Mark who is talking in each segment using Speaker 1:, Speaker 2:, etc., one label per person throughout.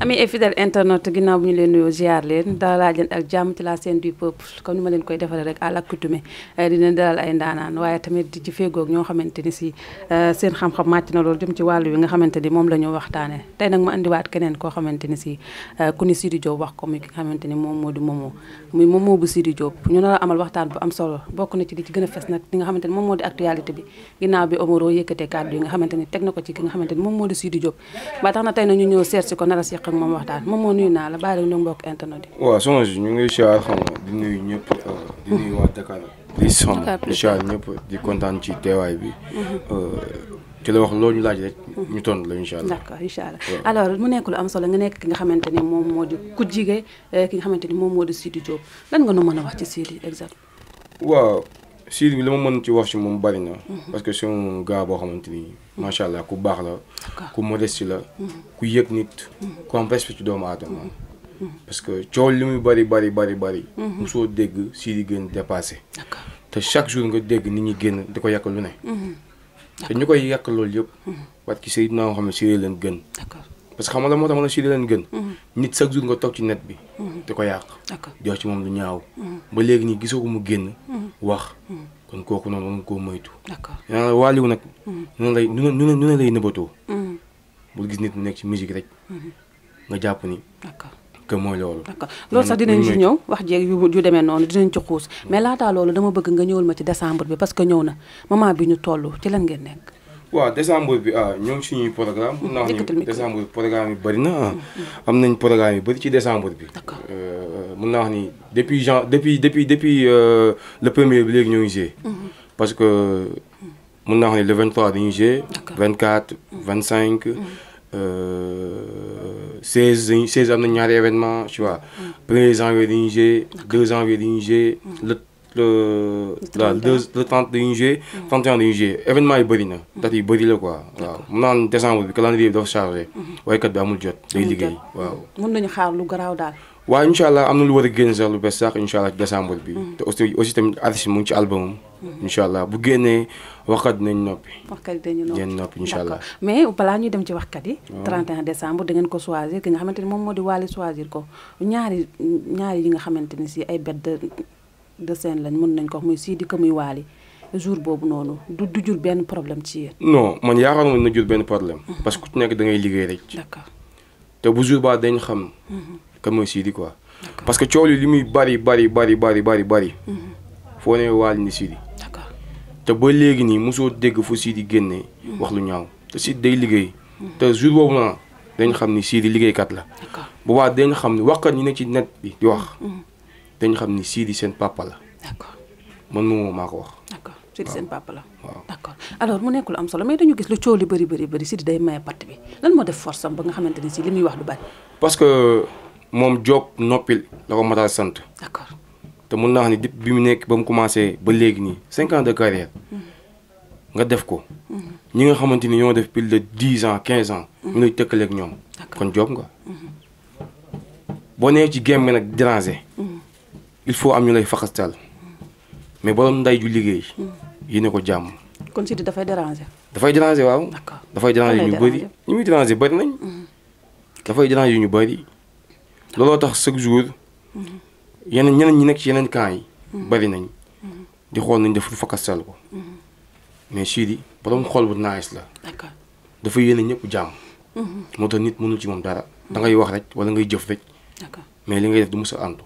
Speaker 1: ami et fidèle internet ginnaaw bu ñu leen nuyoo ziar leen dalal leen ak jàmm ci la scène du peuple comme ni ma leen koy defalee rek à l'accoutumée eh, dalal ay ndaanaan waaye tamit ci féegoog ñoo xamante eh, xam-xam ni moom la ñu waxtaanee tey nag ma andiwaat keneen koo xamante ni si eh, ku ni Sidi Diop wax moom moo di Momo muy Momo bu Sidi Diop ñu nar a amal waxtaan bu am solo bokk na ci li ci gën a fes nag moom moo di actualité bi ginnaaw bi Omaro yëkkatee kàddu yi nga xamante teg na ko ci ki nga xamante ni moom moo di Sidi Diop ba tax na tey na ñu ñëw seet ko nar a seq ak moom waxtaan moom moo nuyu naa la bàyyi la ñu mbokk internet yi.
Speaker 2: waaw soxna si ñu ngi siyaar xam nga di nuyu ñëpp euh, di nuyu waa Dakar. di ñëpp di kontaan ci teewaay bi. Mm-hmm. Euh, ci la wax loolu ñu laaj rek. ñu mm-hmm. tontu la incha allah. d'accord incha
Speaker 1: allah mu nekk lu am solo nga nekk ki nga xamante ni moom moo di ku jige euh, ki nga xamante ni moom moo di Sidy Diop lan nga nu mën a wax ci Sidy exact
Speaker 2: waaw Sidy li ma mën ci wax ci moom bari na. Mhm. parce que c'est un gars boo xamante ni mhm. macha allah ku baax la. ku modeste la. Mhm. ku yëg nit. ku am respect doomu aadama. parce que coow li muy bari bari bari bari. mosoo dégg Sidy gën dépassé. te chaque jour nga dégg nit ñi génn di ko yàq lu ne. te ñu koy yàq loolu yëpp. parce que Seydina moo xam ne Sidy leen gën. parce que xam nga la moo tax ma ne si leen gën. Mhm. nit chaque jour nga toog ci net bi. Mhm. di ko yàq. jox ci moom lu ñaaw. Mhm. ba léegi nii gisoo ko mu génn. wax kon kooku noonu war nga koo moytu. d'accord yaa ngi waaliw nag. ñu ne lay ñu ne ñu ne lay nëbbatoo. bul gis nit mu nekk ci musique rek. nga jàpp ni. que mooy loolu. loolu sax dinañ ci ñëw
Speaker 1: wax jeeg yu yu noonu dinañ ci xuus mais laataa loolu dama bëgg nga ñëwal ma ci décembre bi parce que ñëw na moment bi ñu toll ci lan ngeen nekk.
Speaker 2: waaw décembre bi a ah, ñoo ngi suñuy programme mun naa wax ni décembre bi programme yi bëri na ah. am nañ programme yi bëri ci décembre bi euh, euh, mun naa wax ni depuis jan depuis depuis depuis euh, le premier bi léegi ñoo ngi joué mhm. parce que mun naa wax ni le 23 dañuy joué 24 25 seize dañuy seize am na ñaari événement tu vois mhm. premier janvier dañuy joué deux janvier dañuy joué mhm. le le la le 30 dañuy joué. 31 dañuy joué événement yi bëri na. Mm. date yi bëri la quoi. waaw mun naan décembre bi calendrier bi dafa chargé. Mm-hmm. waykat bi amul mm-hmm. lu na lu war a génn sax lu bees sax incha allah ci décembre bi. Mm-hmm. te aussi aussi tamit artiste mu ngi ci album incha allah bu génnee waxkat dinañ noppi.
Speaker 1: waxkat dinañ noppi dinañ
Speaker 2: noppi incha allah.
Speaker 1: mais balaa ñuy dem ci waxkat yi. 31 ah. décembre dangeen ko choisir ki nga xamante moom moo di Wally choisir ko ñaari ñaari yi nga xamante ni si ay bedd de scène lañ mun nañ ko muy Sidi ko muy Waly jour boobu noonu du jur benn problème ci yéen.
Speaker 2: non man yaakaaroon na jur benn problème. Mm-hmm. parce que ku nekk dangay ngay liggéey rek. te bu jour baa dañ xam. Mm-hmm. kan mooy quoi. parce que coow li li muy bari bari bari bari bari bari.
Speaker 3: Mm-hmm.
Speaker 2: foo ne Waly ni Sidi. d'accord te ba léegi nii mosoo dégg fu Sidi génnee. wax lu ñaaw te Sidi liggéey. jour boobu noonu xam ni Sidi liggéeykat la. d'accord bu baax dañ xam ni waxkat ñi ne ci net bi di wax. dañu xam ni Sidi seen papa la. d'accord man moom maa ko wax.
Speaker 1: d'accord Sidi seen papa la. waaw d'accord alors mu nekkul am solo mais dañu gis lu coow li bëri bëri bëri Sidi day maye patt bi lan moo def force am ba nga xamante ni si li muy wax du bari.
Speaker 2: parce que moom Diop noppil la ko mataal sant. d'accord te mun naa xam ne depuis bi mu nekk ba mu commencé ba léegi nii cinq ans de carrière. Mm-hmm. nga def ko. Mm-hmm. ñi nga xamante ni ñoo def pile de dix ans quinze ans. Mm-hmm. ñu lay tëkkaleeg ñoom. kon Diop nga. boo nee ci gémm nag déranger. il faut am ñu lay faxastal mais borom nday ju liggéey yi ne ko jàmm.
Speaker 1: kon Sidi dafay déranger.
Speaker 2: dafay déranger waaw. dafay déranger ñu bëri ñu muy déranger bëri nañ. dafay déranger ñu bëri. looloo tax chaque jour yeneen ñeneen ñi nekk ci yeneen camp yi. Mhm. bëri nañ. Mhm. di xool nañ def lu fakkastal ko. Mhm. mais Sidi borom xool bu nice la. dafa yéene ñëpp jàmm. moo tax nit mënul ci moom dara. da ngay wax rek wala ngay jëf rek. mais li ngay def du mës a àndu.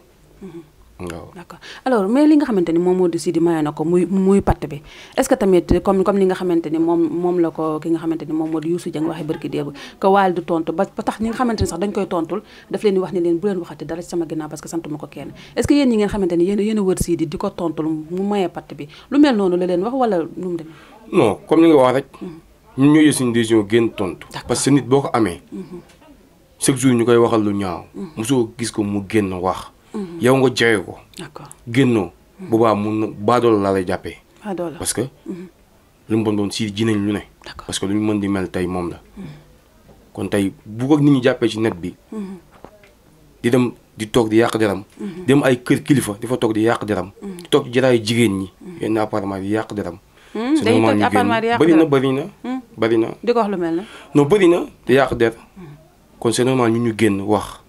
Speaker 2: waaw d'
Speaker 1: accord li nga xamante ni moom moo di Sidi maye na ko muy muy patt bi est ce que tamit comme comme li nga xamante ni moom moom la ko ki nga xamante ni moom moo di Youssou Dieng waxee barki déebu que waal du tontu ba tax a wër Sidi di ko tontul mu mayee patt bi
Speaker 2: mm-hmm. nit boo ko amee mm-hmm. chaque jour ñu koy waxal lu ñaaw mm-hmm. mosoo gis ko mu génn wax yow nga jooy ko. d'accord génnoo. Mm-hmm. bu baax mun na baadool laa lay jàppee. parce que. Mm-hmm. lu mu bon si ji nañ lu ne. parce que lu ñu mën di mel tey moom la.
Speaker 3: Mm-hmm.
Speaker 2: kon tey bu ko nit ñi jàppee ci net bi. di dem di toog di yàq deram. ay kër kilifa di fa toog di yàq deram. di toog jaraayu jigéen ñi. yenn appartement di yàq deram.
Speaker 1: di yàq deram bëri na di ko wax lu mel ne.
Speaker 2: non bëri di yàq der kon c'est normal ñu ñu génn wax.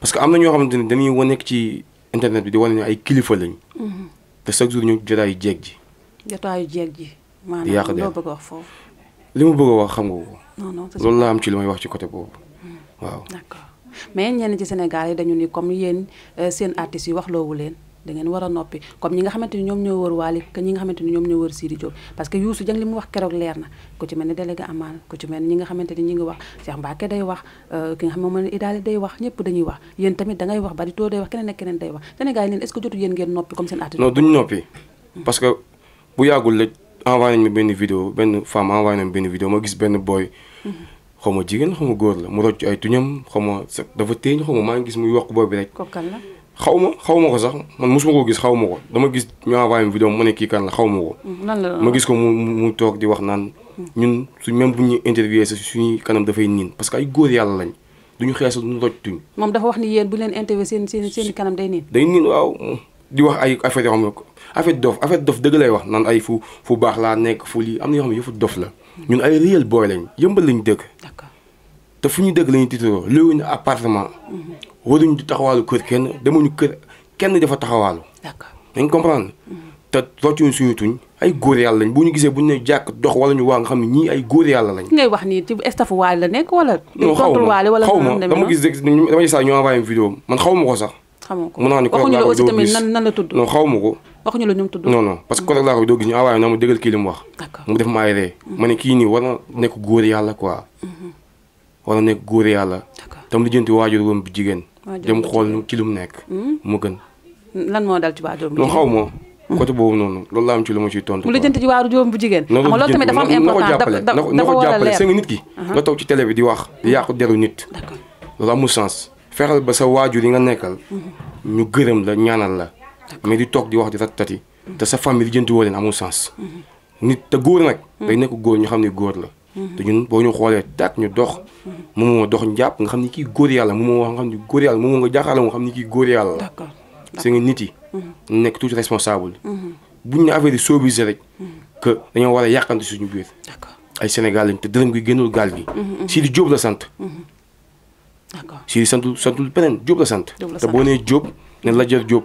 Speaker 2: parce que am na ñoo xamante ni dañuy wa nekk ci internet bi di wane ne ay kilifa lañ. Mm-hmm. te chaque jour ñu jotaayu jéeg ji.
Speaker 1: jotaayu jéeg ji. loo bëgg a wax foofu.
Speaker 2: li ma bëgg a wax xam nga
Speaker 1: ko. loolu laa am
Speaker 2: ci lu may wax ci côté boobu. Mm. waaw d'accord
Speaker 1: mais ñenn ci Sénégal yi dañu ni comme yéen euh, seen artistes yi wax loowu leen. dangeen war a noppi comme ñi nga xamante ni ñoom ñoo wër Wally que ñi nga xamante ni ñoom ñoo wër Sidi Diop parce que Youssou Dieng li mu wax keroog leer na ku ci mel ñi nga xamante ñi ngi wax Cheikh Mbacké day wax euh, ki nga xam moom Idaali day wax ñëpp dañuy wax yéen tamit da ngay wax bari too day wax keneen ak keneen day wax Sénégal yi leen est-ce que jotu yéen ngeen noppi comme seen attitude non duñ
Speaker 2: noppi parce que bu yàggul la envoyé nañ benn vidéo benn femme envoyé nañ benn vidéo ma gis benn boy mm-hmm. xaw ma jigéen xaw ma góor la mu xaw ma dafa gis muy wax boobu rek. kooku kan la xaw ma xaw ma ko sax man mosuma koo gis xaw ma ko dama gis ñu envoyé ma vidéo ma ne kii kan la xaw mm-hmm.
Speaker 3: ma ko. ma gis
Speaker 2: ko mu mu toog di wax naan mm-hmm. ñun suñ même bu ñu interviewé sax suñuy kanam dafay niin parce que ay góor yàlla lañ ñu xeesa duñu loj tuñ.
Speaker 1: moom dafa wax ni yéen bu leen interviewé seen seen seen kanam day niin.
Speaker 2: day niin waaw di wax ay affaire yoo xam ne affaire dof affaire dof dëgg lay wax naan ay fu fu baax laa nekk fu lii am na yoo xam ne dof la. Mm-hmm. ñun ay réel boy lañ yëmbal lañ dëkk. te fu ñu dëkk lañu tiitaroo léegi ñu appartement. waruñu di taxawaalu kër kenn demuñu kër kenn dafa taxawaalu. d'accord dañ comprendre. Mm-hmm. te roccuñu suñu tuñ ay góor yàlla lañ bu ñu gisee bu ñu ne jàkk dox wala ñu waa nga xam ne ñii ay góor yàlla lañ.
Speaker 1: ngay wax nii ci staff waale la nekk wala. xaw ma xaw ma dama gis
Speaker 2: rek dama gis ñu envoyé ma ko sax.
Speaker 1: xamoo ko waxuñu la aussi tamit nan nan la tudd non xaw ma ko. waxuñu la ñu tudd.
Speaker 2: parce que correct laa ko doo gis ñu envoyé na ma dëggal kii li wax. mu def ma ay ree mm-hmm. ma ne kii nii war nekk góor yàlla quoi. Mm-hmm. war na nekk góor yàlla. tam lijjanti waajur woon bi jigéen dem xool nu ci lu mu nekk. mu hmm? gën.
Speaker 1: lan moo dal ci waajur bu jigéen xaw ma.
Speaker 2: Hmm. côté boobu noonu loolu laa ci lu ma ciy tontu. mu
Speaker 1: lijjanti ci waaru joom bu jigéen. xam nga loolu tamit dafa am important da na ko jàppale sëñ nit
Speaker 2: ki. bi di wax di yàqu deru nit. loolu amul fexeel ba sa waajur yi nga nekkal. Hmm. ñu gërëm la ñaanal la. mais di toog di wax di rattati. te sa famille lijjanti woo leen amul sens. nit te góor nag. day nekk góor ñu xam ne góor la. te ñun boo ñu xoolee taat ñu dox moom moo dox ñu jàpp nga xam ni kii góor yàlla mu moo nga xam ni góor yàlla moom moo nga jàkkaarloo nga xam ni kii góor yàlla
Speaker 3: la c'est nga nit yi mm-hmm.
Speaker 2: nekk tout responsable mm-hmm. buñ ne affaire yi soobise rek mm-hmm. que dañoo war a yàqante suñu biir ay Sénégal lañ te dërëm gi génnul gaal gi Sidi Diop la sant Sidi santul santul beneen Diop la sant te boo nee Diop ne Lat Dior Diop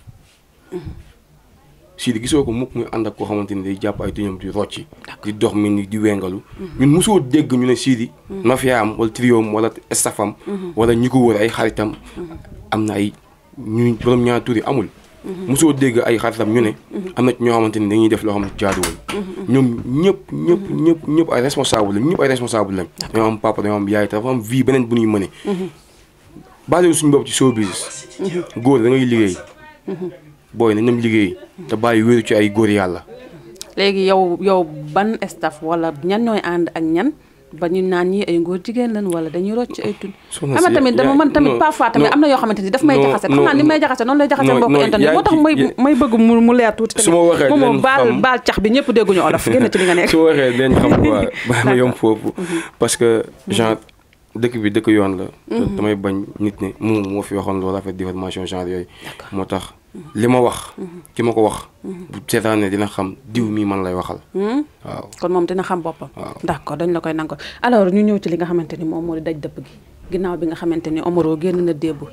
Speaker 2: Sidi gisoo ko mukk muy ànd ak koo xamante ni day jàpp ay tuñam di rocci di dox mi ni di wengalu mhm. ñun mosoo dégg ñu ne Sidi nafiyaam mhm. wala trioom wala estafam mhm. wala ñi ko wër ay xaritam am na ay ñu borom ñaari tur yi amul mosoo ay xaritam ñu ne am na ci ñoo xamante ni dañuy def loo xam ne jaaduwul ñoom ñëpp ñëpp ñëpp ñëpp ay responsable lañ ñëpp ay responsable lañ dañoo papa dañoo am yaay dafa am vie beneen bu ñuy mëne basé suñu bopp ci showbiz góor da liggéey booy nañ dem liggéey te bàyyi wéeru ci ay góor yàlla.
Speaker 1: léegi yow yow ban staff wala ñan ñooy ànd ak ñan ba naan ñii ay ngóor jigéen lan wala dañuy rocc ay tun
Speaker 2: xam na tamit dama man tamit parfois tamit am na
Speaker 1: yoo xamante ni daf may jaxase xam naa ni may lay jaxase may may bëgg mu ma waxee moom moom
Speaker 2: bi ñëpp dégguñu olof génn ci li nga mhm. parce que mhm. genre dëkk bi dëkk yoon la mhm. damay bañ nit ne moom moo fi waxoon loolu affaire diffamation genre yooyu moo tax li ma wax. ki ma ko wax. bu seetaanee dina xam diw mii man lay waxal. Hmm? waaw
Speaker 1: kon moom dina xam boppam. waaw d'accord dañ la koy nangu alors ñu ñëw ci li nga xamante ni moom moo di daj dëpp gi ginnaaw bi nga xamante ni Omaro génn na démb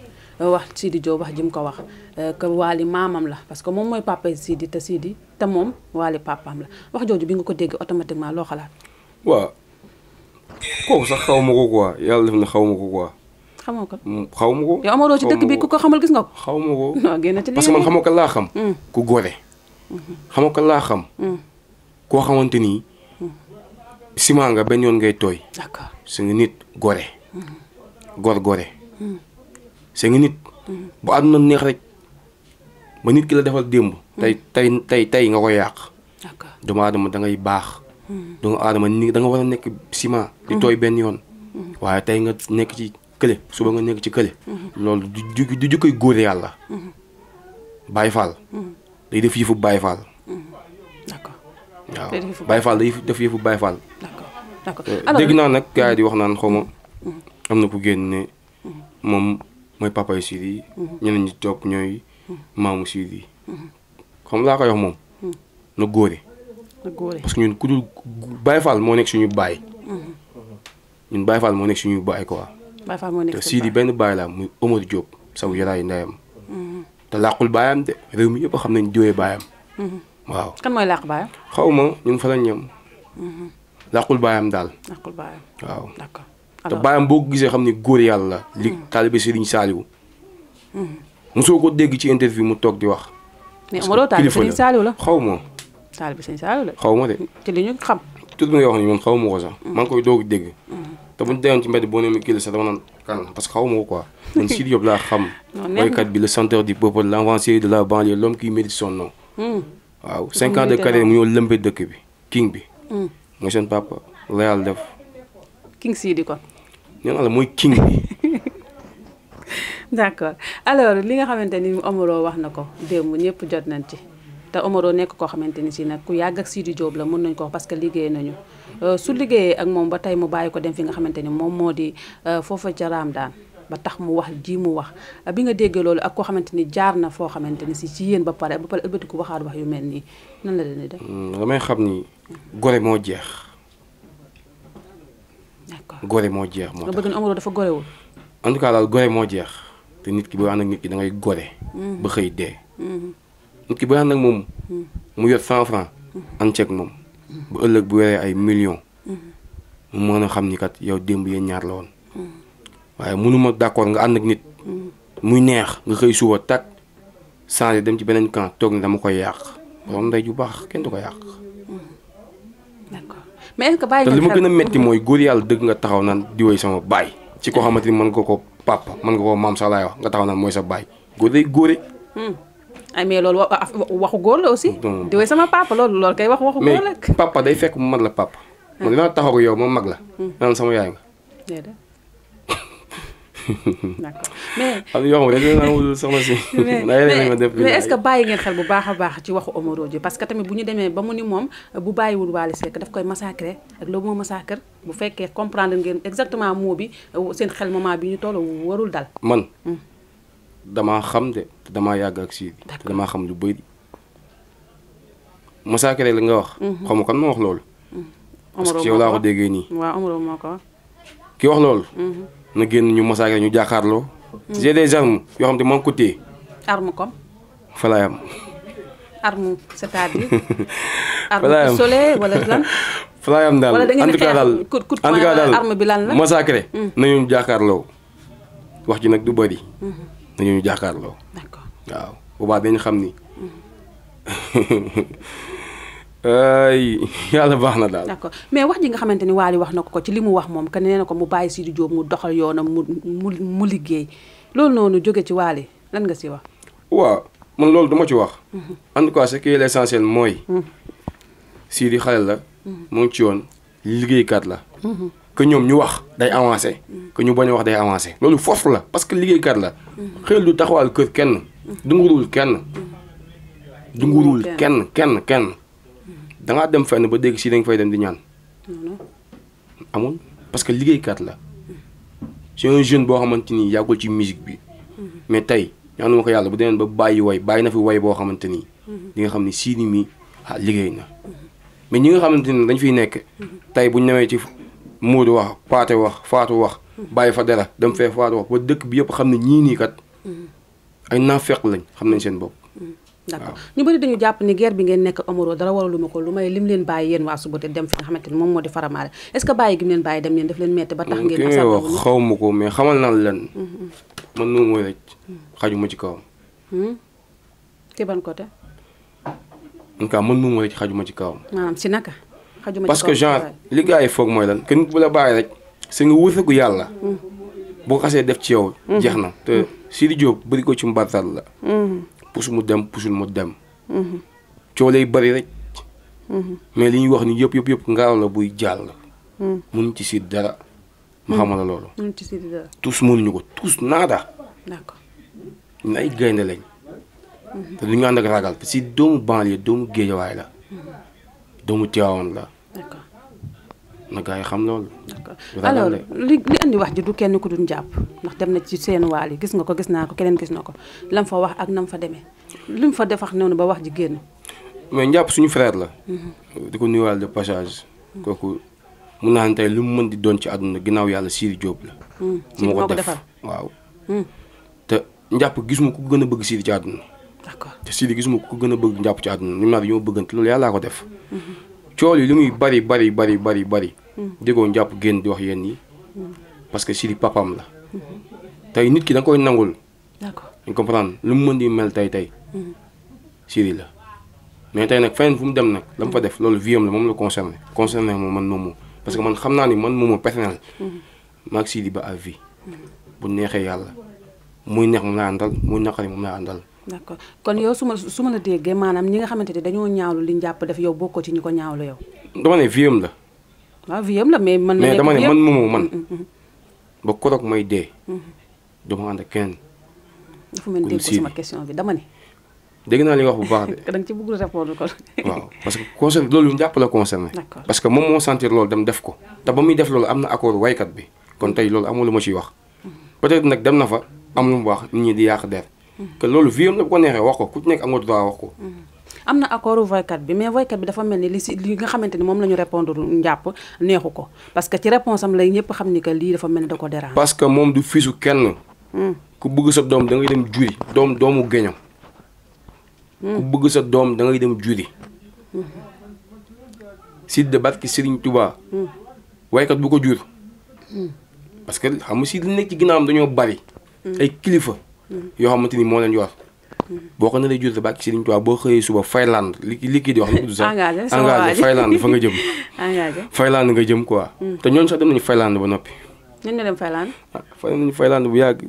Speaker 1: euh, wax Sidi Diop wax ji mu ko wax euh, que Wally maamam la parce que moom mooy papa Sidi te Sidi te moom Wally papaam la wax jooju bi nga ko dégg automatiquement loo xalaat.
Speaker 2: waaw kooku sax xaw ma ko quoi yàlla def na xaw ma ko xamoo mm, xaw ma ko. yow amaroo ci dëkk bi ku
Speaker 1: ko xamal gis nga ko. xaw ma ko non génn ci parce que man xamoo ko
Speaker 2: laa xam. Mm. ku gore.
Speaker 1: Mm-hmm.
Speaker 2: xamoo ka laa xam. Mm. koo xamante ni. ciment nga benn yoon ngay tooy. d'accord su nit gore. Mm-hmm. gor gore. su nga nit. Mm-hmm. bu àdduna neex rek ba nit ki la defal démb. tey tey tey tey nga ko yàq. d'accord doomu dangay baax. doomu aadama ni da nga war a nekk ciment. di tooy benn yoon. waaye tey nga nekk ci. kële suba nga nekk ci kële. Mhm. loolu du du du koy góore yàlla. Mhm. Baye Fall. Mhm. day def yëfu Baye Fall. d'accord def yëfu Baye Fall. Euh, naa nag gars yi di wax naan xaw ma am na ku génn moom mooy papa yu Sidy yi. ñeneen ñi topp ñooy maamu Sidy yi. xam laa koy wax moom. na góore. na góore parce que ku dul Baye Fall moo nekk suñu baay. ñun Baye Fall moo nekk suñu baay quoi.
Speaker 1: Baye Fall moo
Speaker 2: benn baay laa muy Omar Diop saw yaraayu ndeyam. te làqul baayam de réew mi yëpp xam nañ diwee baayam. waaw
Speaker 1: kan mooy làq baayam.
Speaker 2: xaw ma ñun fa la ñam. làqul baayam daal. làqul baayam waaw. d'accord te baayam boo ko gisee xam ne góor yàlla la. li hmm. taalibe Serigne Saliou. Hmm. mosoo ko dégg ci interview mu toog di wax.
Speaker 1: mais amaloo taalibe Serigne Saliou la xaw ma. taalibe Serigne Saliou la xaw ma de. te li ñu xam.
Speaker 2: tur bi wax ni man xaw ma ko sax. Hmm. maa ngi koy doog dégg. te bu ñu deewoon ci mbedd kii la sax dama kan parce que xaw ma ko quoi. man Sidy Diop laa xam. bi le chanteur du peuple l'avancé de la banlieue l'homme qui mérite son nom. Hmm. waaw cinq ans de carrière mu ñëw lëmbee dëkk bi king bi. Hmm. mooy seen papa la yàlla def. king Sidy kon. nee naa la king bi.
Speaker 1: d' accord alors li nga xamante ni Omaro wax na ko démb ñëpp jot nañ ci. te Omaro nekk koo xamante ni si nag ku yàgg ak Sidi Diop la mën nañ ko wax parce que liggéey nañu euh, su liggéeyee ak moom ba tey mu bàyyi ko dem fi nga xamante ni moom moo di euh, foofa jaraam daan ba tax mu wax ji mu wax euh, bi nga déggee loolu ak koo xamante ni jaar na foo xamante ni si ci yéen ba pare ba pare ku waxaat wax yu mel nii nan la leen di def.
Speaker 2: Hmm, damay xam ni gore moo jeex. d'accord gore moo jeex moo tax nga
Speaker 1: bëgg Omaro dafa gorewul.
Speaker 2: en tout cas daal gore moo jeex te nit ki boo ànd ak nit ki da nit ki booy ànd ak moom hmm. mu yor cent franc ànd hmm. ceeg moom hmm. bu ëllëg bu yoree ay millions mu mën a xam ni kat yow démb yéen ñaar la woon waaye mënuma d'accord nga ànd ak nit muy neex nga xëy a tàkk changé dem ci beneen camp toog ni dama koy yàq borom ndey ju baax kenn du ko yàq.
Speaker 1: d'accord mais li ma gën a métti mooy
Speaker 2: góor yàlla dëgg nga taxaw naan di woy sama baay. ci koo xamante ni mën nga ko papa mën nga ko maam sax wax nga taxaw naan mooy sa baay góor day góore.
Speaker 1: ay mais loolu waxu góor la aussi. di sama papa loolu loolu kay wax waxu góor la. mais
Speaker 2: papa day fekk mu mag la papa. Ah. man dinaa taxaw yow moom mag la. Hmm. naan sama yaay nga. d'accord mais am yoo xam ne dañu wul soxna si.
Speaker 1: bàyyi ngeen xel bu baax a baax ci waxu Omaro ji parce que tamit bu ñu demee ba mu ni moom bu bàyyiwul Wally Seck daf koy massacrer ak le mot massacre bu fekkee comprendre ngeen exactement moo bi seen xel moment bi ñu toll warul dal
Speaker 2: man. Hmm. damaa xam de te damaa yàgg ak Sidy te damaa xam lu bëri Moussa Kéré li nga wax. Mhm. xaw ma kan moo wax loolu. parce que yow laa ko déggee nii. ki wax loolu. Mhm. na génn ñu Moussa ñu jàkkaarloo.
Speaker 1: Mhm. j'ai des armes
Speaker 2: yoo xam ne maa ngi ko téye. arme comme. fa
Speaker 1: arme c'est-à-dire. arme daal en tout
Speaker 2: cas daal en tout cas daal Moussa nañu jàkkaarloo wax ji nag du bëri. nañu ñu jàkkaarloo. d'accord waaw boobaa dañu xam ni. Mm-hmm. ay yàlla baax na daal.
Speaker 1: d'accord mais wax ji nga xamante ni Wally wax na ko ko ci li mu wax moom que nee na ko mu bàyyi Sidi Diop mu doxal yoonam mu mu mu liggéey loolu noonu jóge ci Wally lan nga si wax.
Speaker 2: waaw man loolu duma ci wax. Mm-hmm. en tout cas ce qui est l'essentiel mooy. Mm. Sidi xale la. Mm-hmm. mu ci yoon liggéeykat la. que ñoom ñu wax day avancé que ñu bañ wax day avancé loolu force la parce que kat la xel lu taxawal kër kenn dungurul kenn dungurul kenn kenn kenn dangaa dem fenn ba dégg si da nga fay dem di ñaan amul parce que liggéeykat la c'est un jeune boo xamante ni yàggul ci musique bi mais tey ñaanu ma ko yàlla bu demeen ba bàyyi way bàyyi na fi way boo xamante ni di nga xam ni Sidy mi ah liggéey na mais ñi nga xamante ni dañ fiy nekk tey buñ newee ci Moodu wax Paate wax Faatu wax bàyyi fa dara dem fee Faatu wax ba dëkk bi yëpp xam ne ñii nii kat ay naafeq lañ xam nañ seen bopp
Speaker 1: mm-hmm. d'accord ñu bari dañu jàpp ni geer bi ngeen nekk Omaro dara waralu ma ko lu may lim leen bàyyi yéen waa Suboté dem fi nga xamante moo di faramaare est-ce que bàyyi gi mu leen bàyyi dem leen daf leen metti ba tax ngeen ki ngay wax xaw
Speaker 2: xamal naa leen mm-hmm. man noonu mooy rek mm-hmm. xajuma ci kawam
Speaker 1: te hmm? ban côté
Speaker 2: en tout cas man noonu mooy xajuma ci kawam
Speaker 1: maanaam si naka xajuma parce que genre
Speaker 2: li gars yi foog mooy lan kenn bu la bàyyi rek si nga wërsëgu yàlla mm. boo xasee def ci yow mm. jeex na te mm. Sidi Diop bëri ko ci mbartal la pusu mu dem pusul mu dem mm-hmm. coow lay rek mm-hmm. mais li ñuy wax ni yëpp yëpp yëpp ngaaw la buy jàll mun ci Sidi dara ma xamal la loolu
Speaker 1: mun ci Sidi dara
Speaker 2: tous mënuñu ko tous naada d'accord ñun ay mm-hmm. te du ñu ànd ragal parce que doomu banlieue doomu géejawaay la doomu Tiwaawan la d'accord na yi xam loolu.
Speaker 1: li indi wax ji du kenn ku dul jàpp ndax dem na ci seen waal yi gis nga ko gis naa ko keneen gis na ko lam fa wax ak nam fa demee lim fa defax noonu ba wax ji génn.
Speaker 2: mais njàpp suñu frère la.
Speaker 3: Mhm.
Speaker 2: di ko nuyuwaale de passage. Mhm. kooku mun naa ne mu mën di doon ci àdduna ginnaaw yàlla Sidy Diop
Speaker 3: mhm. moo ko defar
Speaker 2: waaw. te njàpp gisuma ku gën a bëgg Sidy ci àdduna. d'accord te gis gisuma ku gën a bëgg njàpp ci àdduna ñu naan bëggante loolu yàlla ko def. cool yi li muy bari bari bari bari bari hmm. déggoo njàpp génn di wax yenn yi hmm. parce que Sidy papam la
Speaker 3: hmm.
Speaker 2: tey nit ki da nga koy nangul dañ comprendre lu mu mën di mel tey tey siri la mais tey nag feneen fu mu dem nag la mu fa def loolu vie am la moom la concerné concerné moom man moomu parce que man xam naa ni man moomu personnel maag Sidy ba à vie bu neexee yàlla muy neex moom laa àndal muy naqari moom laa àndal
Speaker 1: d'accord kon yow su ma su ma la déggee maanaam ñi nga xamante ne dañoo ñaawlu li njàpp def yow bokkoo ci ñi ko ñaawlu yow.
Speaker 2: dama ne vieux la.
Speaker 1: waaw ah, vieux la mais man. mais dama ne man moomu man. Mm, mm, mm.
Speaker 2: ba koroog may dee. Mm-hmm. dama ànd ak keneen.
Speaker 1: dafa mel ni
Speaker 2: dégg naa li wax bu baax de. da nga ci bëgg parce que concerne loolu njàpp parce que moom moo sentir loolu dem def ko. te ba muy def loolu am na accord waykat bi kon tey loolu amul lu ma ciy wax.
Speaker 3: Mm-hmm.
Speaker 2: peut-être nag dem na fa am lu mu wax nit ñi di yàq der que loolu vie la bu ko neexee wax ko ku ci nekk am nga
Speaker 1: am na accord voykat bi mais voykat bi dafa mel ni li si li nga xamante ni moom lañu ñu njàpp neexu ko parce que ci réponse am lay ñëpp xam ni que lii dafa mel ni ko dérange.
Speaker 2: parce que moom du fiisu kenn. bëgg sa doom da ngay dem juri. doom doomu géñam. ku bëgg sa doom da ngay dem juri. Hmm. Hmm. Siteu de barki Serigne Touba. Hmm. waykat bu ko jur. parce que xam nga si li nekk ci ginnaawam dañoo bari. ay kilifa. yoo xamante ni moo leen yor boo ko naree jotee ba ak Serigne Touba boo xëyee suba Finlande li kii di wax. engagé sama waay nga jëm.
Speaker 3: engagé
Speaker 2: nga jëm quoi. Mm. te ñooñu sax dem nañu Finlande ba noppi.
Speaker 1: ñun ñu dem Finlande.
Speaker 2: Ah, bu yàgg.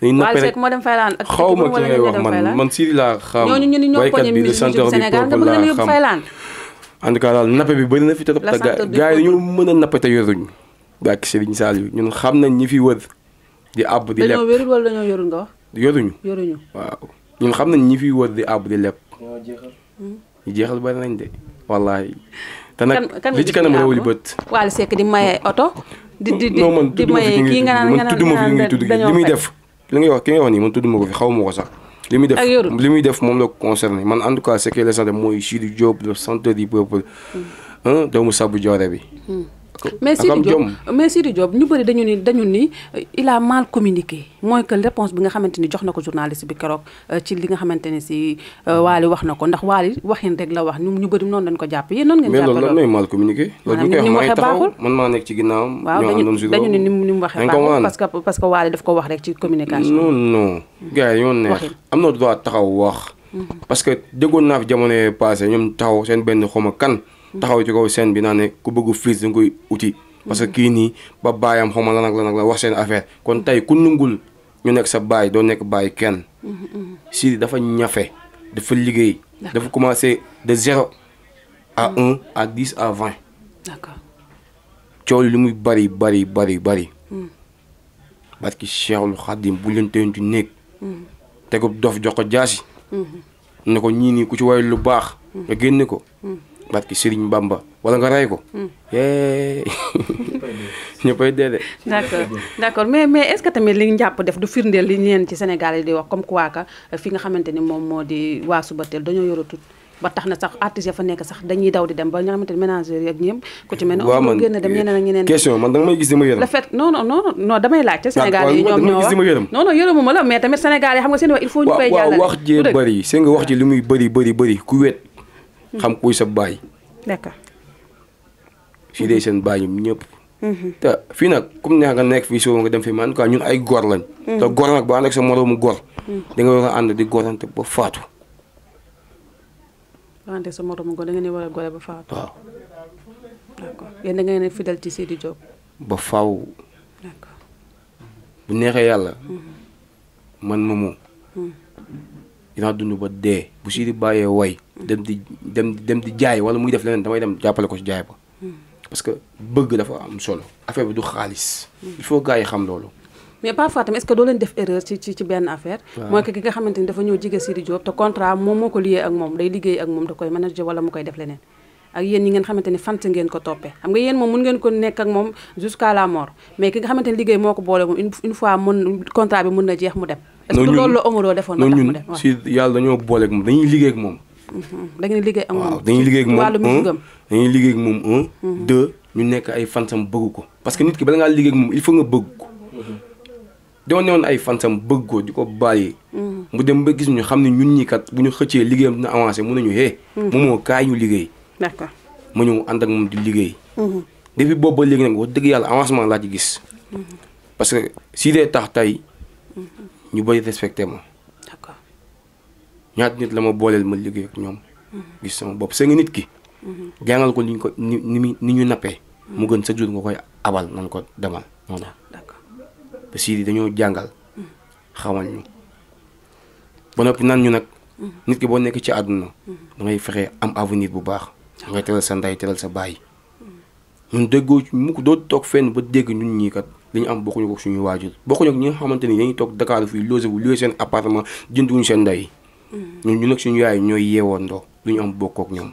Speaker 2: dañu noppi rek
Speaker 1: moo dem Finlande xaw ma ki ngay wax man man
Speaker 2: Sidi laa xam. ñooñu ñu ni ñoo poñe bi chanteur bi peuple laa xam en na fi trop. la sant bi gars a nappe te yoruñu. ba ak Serigne Saliou nañ ñi fi wër di àbb di
Speaker 1: lekk yoruñu yoruñu
Speaker 2: waaw ñun xam nañ ñi fiy wër di àbb di lepp ñu jeexal bari nañ de wallahi te nag li ci kanam réew li bët
Speaker 1: Wally Seck di maye oto di di di di maye kii nga naan nga naan tudduma fi ngi tudd li muy def
Speaker 2: li ngay wax ki ngay wax nii man tudduma ko fi xaw ma ko sax li muy def li muy def moom la concerné man en tout cas ce qui est l'essentiel mooy Sidi Diop le centre du peuple mm. doomu sabu joore bi mm. mais Sidi Diop
Speaker 1: mais Sidi Diop ñu bëri dañu ni dañu ni euh, il a mal communiqué mooy que réponse bi nga xamante ni jox na ko journaliste bi keroog euh, ci li nga xamante ne si euh, mm. Waly wax na ko ndax Waly waxin rek la wax ñu bëri noonu dañ ko jàpp yéen noonu ngeen jàpp loolu mais loolu lan
Speaker 2: mooy mal dañu ni ni
Speaker 1: mu waxee baaxul parce que parce que Waly daf ko wax rek ci communication non
Speaker 2: non mm. gars yi ñoo neex am na droit taxaw wax mm-hmm. parce que naa fi jamono passé ñoom taxaw seen benn xoma kan taxaw ci kaw seen bi naa ne ku bëgg fils da uti parce que kii nii ba baayam xaw ma lan ak lan ak la wax seen affaire kon tey ku nungul ñu nekk sa baay doo nekk baay kenn Sidy dafa ñafe dafa liggéey dafa commencé de zéro à mm. un à dix à vingt coow li muy bari bari bari bari parce mm. que Cheikhul Khadim bu leen teyoon ci néeg mm. tegub dof jox ko jaasi mm-hmm. ne ko ñii nii ku ci way lu baax nga génne ko barki Serigne Bamba wala nga rey ko. Hmm. ñëppay dee de. d' accord
Speaker 1: d' accord mais mais est tamit li ñu def du firndeel li ñeen ci Sénégal yi di wax comme quoi euh, fi nga xamante ni moom moo di waa Subatel dañoo yoratut ba tax na sax artistes ya fa nekk sax dañuy daw di dem ba nga xamante ni ménageurs ak ñëpp ku ci mel ne. waaw génn dem ñeneen ak ñeneen. question
Speaker 2: man danga may gis di ma yërëm. le
Speaker 1: fait non non non non damay Sénégal yi ñoom ñoo xam
Speaker 2: kuy sa baay. d'accord fii day seen baay ñoom ñëpp. Mhm. te fii nag comme neex nga nekk fii soo nga dem fi man quoi ñun ay góor lañ. Mhm. te góor nag ba ànd ak sa moroomu góor. Mhm. da nga war a ànd ba faatu.
Speaker 1: sa moroomu góor da nga ne war a góor waaw. d'accord yéen ngeen ne fidèle ci Sidi Diop.
Speaker 2: ba faw d'accord bu neexee yàlla. man moomu. dinaa dund ba dee bu si di bàyyee way dem di dem dem di jaay wala muy def leneen damay dem jàppale ko si jaay ba parce que bëgg dafa am solo affaire bi du xaalis il faut gars yi xam loolu
Speaker 1: mais parfois tamit est doo leen def erreur ci benn affaire moom moo ko lié ak moom day liggéey ak moom da koy manager wala mu ko toppee xam nga yéen moom mun ngeen ko nekk ak moom jusqu'à la mort mais ki nga xamante ni liggéey moo ko boole moom une fois mën contrat bi mën na jeex mu dem
Speaker 2: est-ce que defoon na tax mu dem ñun si yàlla dañoo booleeg moom dañuy liggéey moom.
Speaker 1: Mm-hmm. da ngeen liggéey ak
Speaker 2: dañuy liggéey ak moom un liggéey moom un. ñu nekk ay fan sam bëgg ko parce que nit ki bala ngaa liggéey ak moom il faut nga bëgg ko. dama newoon ay fansam bëgg ko di ko bàyyi. Mm-hmm. mu dem ba gis ñu xam ne ñun ñi kat bu ñu xëccee liggéeyam na avancé mun nañu hee. Mm-hmm. moom moo kaay ñu liggéey. d'accord ma ñëw ànd ak moom di liggéey. depuis boobu ba léegi nag wax dëgg yàlla avancement laa ci gis. parce que si dee tax tey ñu bëri respecté ma. d'accord ñaata nit la ma booleel ma liggéey ak ñoom. Mhm. gis sama bopp sa ngi nit ki. Mhm. jàngal ko ni ko ni ni ni ñu nappee. mu mhm. gën chaque jour nga koy abal nan ko demal noonu. d'accord dañoo jàngal. xamal ñu ba noppi nan ñu nag. nit ki boo nekk ci àdduna. da ngay fexe am avenir bu baax. da ngay teral sa ndey teral sa baay. ñun déggoo ci mukk doo toog fenn ba dégg ñun ñii kat li ñu am bokkuñu ko suñu waajur bokkuñu ak ñi nga xamante ni dañuy toog Dakar fii logé wu loué seen appartement jënduñu seen ndey. Mm. ñun ñu nag suñu yaay ñooy doo lu ñu am bokk ak ñoom.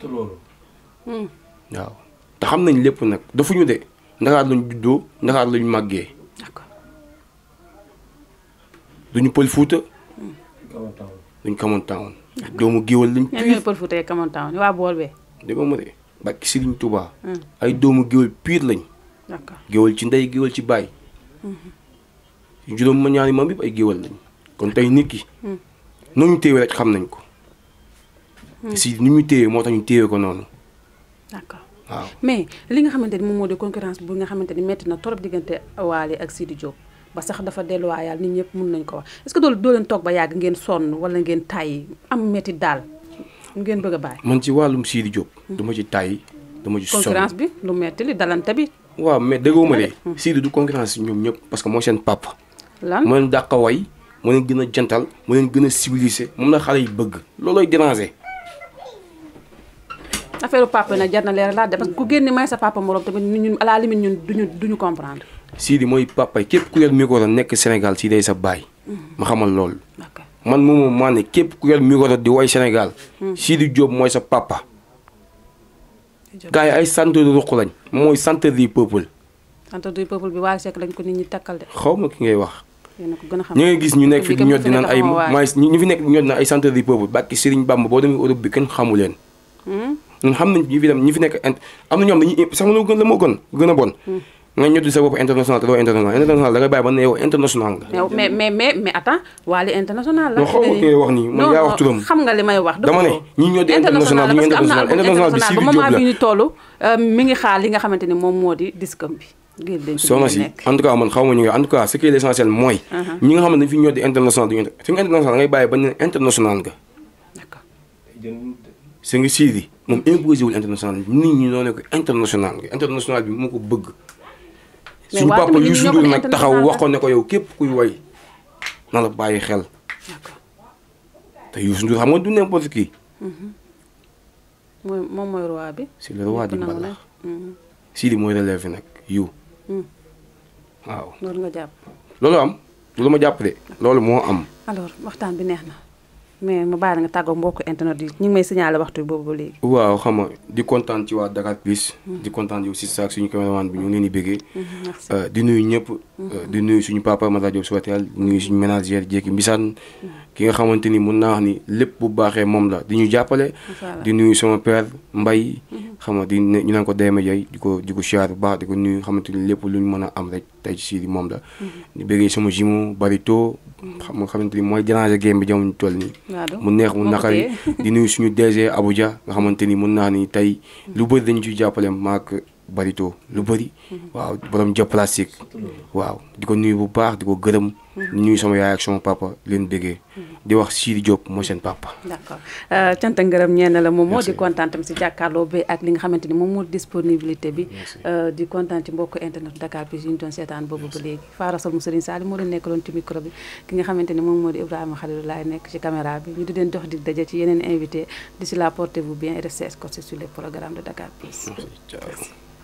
Speaker 2: Mm. waaw te xam nañ lépp nag dafuñu de ndakaar lañ juddoo ndakaar lañ màggee. duñu pël fuuta. Mm. duñ kamantawoon. doomu géwal lañ. pire
Speaker 1: ñoom ñooy pël fuuta yeeg kamantawoon waa bool bee.
Speaker 2: dégg nga ma ay doomu géwal pire lañ. géwal ci ndey géwal ci baay. juróom ñaari maam yëpp ay géwal lañ kon tey nit ki. noo ñu téewee rek xam nañ ko. Hmm. si ni ñu téewee moo tax ñu téewee ko noonu. d'accord waaw
Speaker 1: mais li nga xamante ni moom moo di concurrence bu nga xamante ni metti na trop diggante Waly ak Sidi Diop ba sax dafa delluwaayaal nit ñëpp mun nañ ko wax est-ce que doo toog ba yàgg ngeen sonn wala ngeen tàyyi am metti daal ngeen bëgg a bàyyi.
Speaker 2: man ci wàllum Sidi Diop. Hmm. dama ci tàyyi dama ci sonn
Speaker 1: bi lu metti
Speaker 2: waaw mais déggoo ma de mm. Mm. Sidy du concurrence ñoom ñëpp parce que mooy seen papa. lan moo leen dàq a way moo leen gën a jantal moo leen gën a civilisé moom na xale yi bëgg loolooy déranger.
Speaker 1: affaire papa nag jar na laa de ku génne may sa papa morom tamit ñun à la limite ñun duñu duñu comprendre.
Speaker 2: Sidy mooy papa képp ku yor nekk Sénégal si day sa baay. Mm-hmm. ma xamal loolu. man moomu maa képp ku yor di way Sénégal. Mm. Sidy Diop mooy sa papa. gars yi ay centre de ruq lañ mooy centre du peuple.
Speaker 1: centre du peuple bi Wally Seck lañ ko nit ñi takkal de. xaw ma ki ngay wax. ñu ngi gis ñu nekk fi ñoot dinaan ay
Speaker 2: maay ñu fi nekk ñoot na ay centre du peuple bàkki Serigne Bamba boo demee Europe bi kenn xamu leen. Hmm? ñun xam nañ ñu fi dem ñu fi nekk am na ñoom dañuy sax ma la gën la moo gën gën a bon. Hmm. nga ñëw di sa bopp international te doo international international da ba wax nii
Speaker 1: man yaa wax turam. ne international euh, nga xamante ni moom moo di disque bi. soxna
Speaker 2: si en tout cas xaw ma ñu nga en tout cas ce qui est l'essentiel mooy. Uh-huh. ñi nga xam ne dañu fi ñoo di international duñu international da ngay bàyyi ñi noo ko international nga international bi moo ko bëgg suñu papa Youssou Ndour nag taxaw waxoon ne ko yow képp kuy woy na la bàyyi xel te Youssou Ndour xam nga du ne qui
Speaker 3: mm-hmm. mooy
Speaker 1: moom mooy roi bi c'est le roi di mbalax mm-hmm.
Speaker 2: Sidi mooy relève nag yiw mm. waaw loolu nga jàpp loolu ma jàpp loolu moo am
Speaker 1: waxtaan bi neex na mais mu baax nga tàggoo mbokku internet yi ñu ngi may signaler waxtu boobu léegi.
Speaker 2: waaw xam nga di kontaan ci waa Dakar Plus. Hmm. di kontaan yow si saak suñu caméraman bi ñu ngi leen di hmm, euh, di nuyu ñëpp. Hmm. Euh, di nuyu suñu papa ma Diop Soubatel di nuyu suñu ménagère Jékki Mbisaan. ki nga xamante ni mun naa wax ni lépp bu baaxee moom la di ñu jàppale. di nuyu sama père mbay xam nga di ñu naan ko Deme Ndiaye di ko di ko siyaar bu baax di ko nuyu xamante ni lépp luñ mën a am rek. tey ci sii moom la. ñu bëggee sama jimu barito. xam nga xamante ni mooy déranger game bi jamono toll nii. mu neex mu naqari di nuyu suñu DG Abuja nga xamante ni mën naa ni tey lu bëri dañu ciy jàppale maak barito lu bëri. Mm-hmm. waaw borom jë plastique. waaw di ko nuyu bu baax di ko gërëm. nuyu sama yaay ak sama papa leen déggee di wax Sidi Diop mooy seen papa.
Speaker 1: d' accord euh, cant ak ngërëm ñeen la moom moo di kontaan tam si jàkkaarloo bi ak li nga xamante ni moom moo disponibilité bi. Euh, di kontaan ci mbokk internet Dakar bi doon seetaan boobu ba léegi. Faara Sol mu Serigne moo leen nekkaloon ci micro bi ki nga xamante ni moom moo di Ibrahima Khalilulaay nekk ci caméra bi ñu di leen dox di daje ci yeneen invité d'ici là portez-vous bien et restez scotchés sur les programmes Dakar Peace.